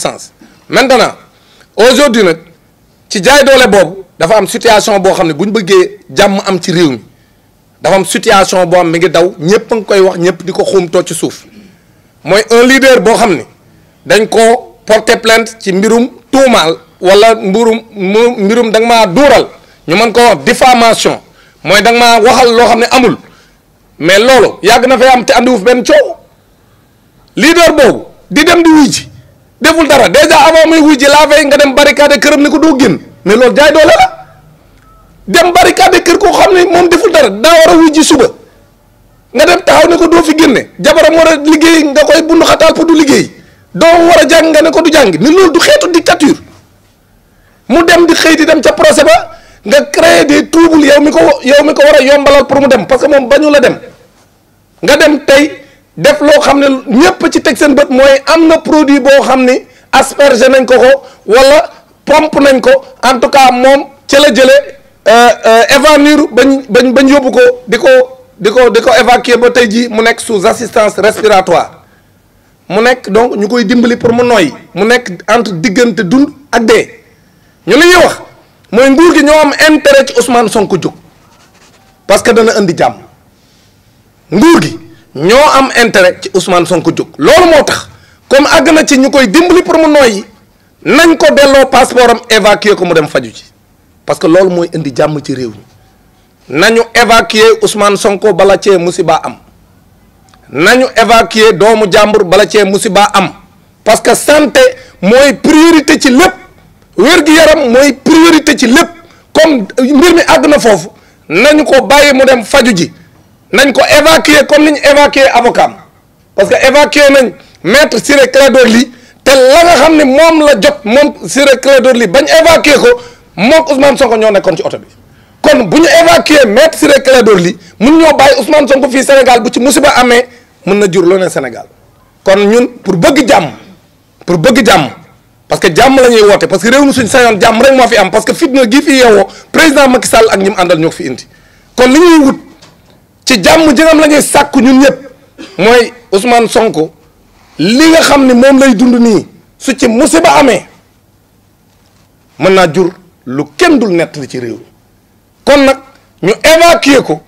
sens maintenant aujourd'hui nag ci jaay doole boobu dafa am situation boo xam ne bu ñu bëggee jàmm am ci réew mi dafa am situation boo am mi ngi daw ñëpp a ngi koy wax ñëpp di ko xuumtoo ci suuf mooy un leader boo xam ne dañ ko porter plainte ci mbirum tuumaal wala mbirum mbirum dang nga maa duural ñu mën ko wax diffamation mooy dang nga maa waxal loo xam ne amul mais loolu yàgg na fay am te andiwuf benn coow leader boobu di dem di wuy ji deful dara déjà avant muy wuy ji laa fay nga dem barricade këram ni ko doo génn mais loolu jaay doole la dem barricade kër koo xam ne moom deful dara daa war a wuy ji suba nga dem taxaw ne ko doo fi génne jabaram war a liggéey nga koy bund xataal pour du liggéey doo war a jàng nga ne ko du jàng ni loolu du xeetu dictature mu dem di xëy di dem ca procès ba nga créer des troubles yow mi ko yow mi ko war a yombalal pour mu dem parce que moom bañu la dem nga dem tey def loo xam ne ñépp ci teg seen bët mooy am na produit boo xam ni aspergé nañ ko ko wala pompe nañ ko en tout cas moom ca la jëlee euh, évanouir euh, bañ bañ bañ yóbbu ko di ko di ko di ko évacuer ba tey jii mu nekk sous assistance respiratoire mu nekk donc ñu koy dimbali pour mu noy mu nekk entre diggante dund ak dee ñu li ñuy wax mooy nguur gi ñoo am intérêt ci Ousmane Sonko jóg parce que dana indi jàmm nguur gi. ñoo am intérêt ci Ousmane Sonko jóg loolu moo tax comme àgg na ci ñu koy dimbali pour mu yi nañ ko delloo passeport am évacuer ko mu dem faju ji parce que loolu mooy indi jàmm ci réew mi nañu évacuer Ousmane Sonko bala cee musiba am nañu évacuer doomu jàmbur bala cee musiba am parce que santé mooy priorité ci lépp wér-gi-yaram mooy priorité ci lépp comme mbir mi àgg na foofu nañu ko bàyyi mu dem faju ji nañ ko évacuer comme ni ñu évacuer avocat parce que évacuer nañ maître Ciré Clédor Ly te la nga xam ne moom la jot moom Ciré Clédor Ly bañ évacuer ko mook Ousmane Sonko ñoo nekkoon ci oto bi kon bu ñu évacuer maître Ciré Clédor Ly mun ñoo bàyyi Ousmane Sonko fii Sénégal bu ci musiba amee mën na jur loo Sénégal kon ñun pour bëgg jàmm pour bëgg jàmm parce que jàmm la ñuy woote parce que réew mi suñ sañoon jàmm rek moo fi am parce que fi yeewoo président Macky Sall ak ñi mu àndal ñoo fi indi kon ci jàmm jëgam la ñuy sàkku ñun ñëpp mooy Ousmane Sonko li nga xam ne moom lay dund nii su ci musiba amee mën naa jur lu kenn dul nettali ci réew kon nag ñu évacuer ko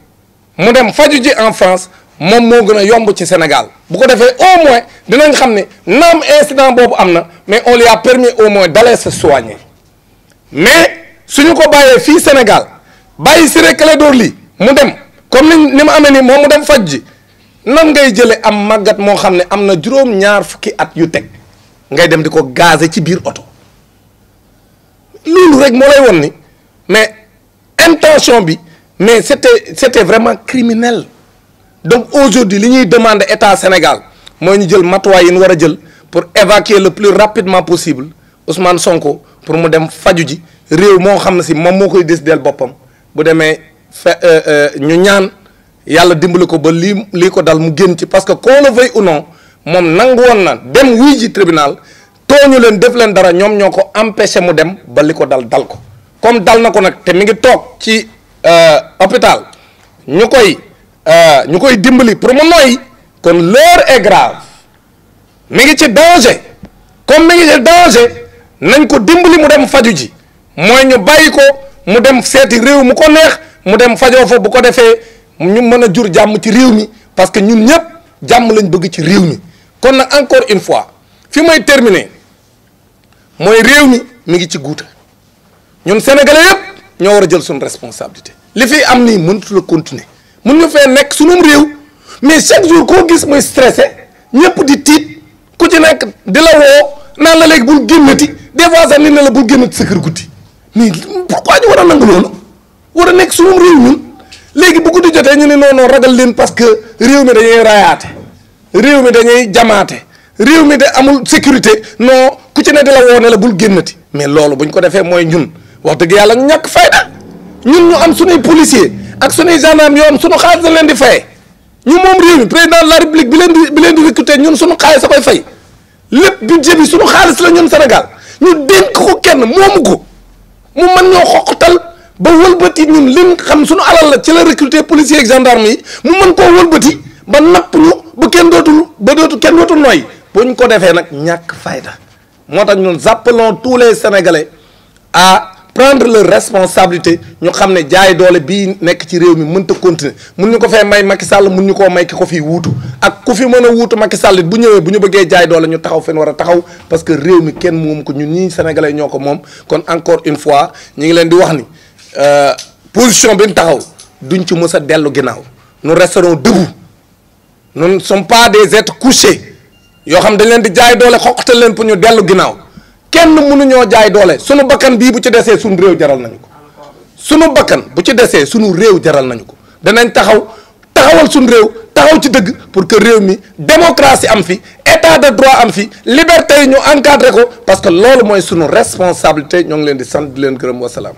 mu dem faju ji en France moom moo gën a yomb ci Sénégal bu ko defee au moins dinañ xam ne naam incident boobu am na mais on lui a permis au moins d'aller sa soigner mais suñu ko bàyyee fii Sénégal bàyyi Ciré Clédor Ly mu dem comme ni ni mu amee nii moom mu dem faj ji nan ngay jëlee am màggat moo xam ne am na juróom-ñaar fukki at yu teg ngay dem di ko gaze ci biir oto loolu rek moo lay won ni mais intention bi mais c'était c'était vraiment criminel donc aujourd'hui li ñuy demande état Sénégal mooy ñu jël matuwaay yi ñu war a jël pour évacuer le plus rapidement possible Ousmane Sonko pour mu dem faju ji réew moo xam na si moom moo koy décider boppam bu demee. fe euh, euh, ñu ñaan yàlla dimbali ko ba lii lii ko dal mu génn ci parce que qu'on le veuille ou non moom nangu woon na dem wuy ji tribunal tooñu leen def leen dara ñoom ñoo ko empêché mu dem ba li ko dal dal ko comme dal na ko nag te mi ngi toog ci euh, hôpital ñu koy ñu koy dimbali pour mu noyyi kon l'heure est grave mi ngi ci danger comme mi ngi ci danger nañ ko dimbali mu dem faju ji mooy ñu bàyyi ko mu dem seeti réew mu ko neex mu dem fajoo bu ko defee ñun mën a jur jàmm ci réew mi parce que ñun ñëpp jàmm lañ bëgg ci réew mi kon nag encore une fois fi may terminer mooy réew mi mi ngi ci guuta ñun sénégalais yëpp ñoo war a jël suñu responsabilité li fi am nii mënatu la continuer mun ñu fee nekk sunum réew mais chaque jour koo gis muy stressé ñëpp di tiit ku ci nekk di la woo naan la léegi bul génnati des fois sax nit ne la bul génnati sa kër guddi mais pourquoi ñu war a nangu loolu war a nekk suñu réew ñun léegi bu guddi jotee ñu ne noonu ragal leen parce que réew mi dañuy rayaate réew mi dañuy jamaate réew mi de amul sécurité non ku ci ne di la woone la bul génnati mais loolu buñ ko defee mooy ñun wax dëgg yàlla ñu ñàkk fayda ñun ñu am suñuy policier ak su suñuy gendarme yoo am suñu xaalis dañ leen di fay ñu moom réew mi président de la république bi leen di bi leen di recruter ñun suñu xaalis sa koy fay lépp budget bi suñu xaalis la ñun Sénégal ñu dénk ko kenn moomu ko mu mën ñoo ba wëlbati ñun lim xam suñu alal la ci la recruter policiers ak gendarme yi mu mën koo wëlbati ba napp ñu ba kenn dootul ba dootul kenn dootul nooy bu ñu ko defee nag ñàkk fayda moo tax ñun appelons tous les sénégalais à prendre leur responsabilité ñu xam ne jaay doole bii nekk ci réew mi mënta continuer mun ñu ko fee may Macky Sall mun ñu koo may ki ko fii wuutu ak ku fi mën a wuutu Macky Sall it bu bu ñu bëggee jaay ñu taxaw fen war a taxaw parce que réew mi kenn moom ko ñun ñii sénégalais ñoo ko moom kon encore une fois ñu ngi leen di wax ni Euh, position bi ñu taxaw duñ ci mës a dellu ginnaaw nous resterons debout nous ne sommes pas des êtres couchés yoo xam dañ leen di jaay doole xoqatal leen pour ñu dellu ginnaaw kenn mënuñoo jaay doole sunu bakkan bii bu ci desee sunu réew jaral nañu ko sunu bakkan bu ci desee sunu réew jaral nañu ko danañ taxaw taxawal suñu réew taxaw ci dëgg pour que réew mi démocratie am fi état de droit am fi liberté yi ñu encadré ko parce que loolu mooy sunu responsabilité ñoo ngi leen di sant di leen gërëm wasalaam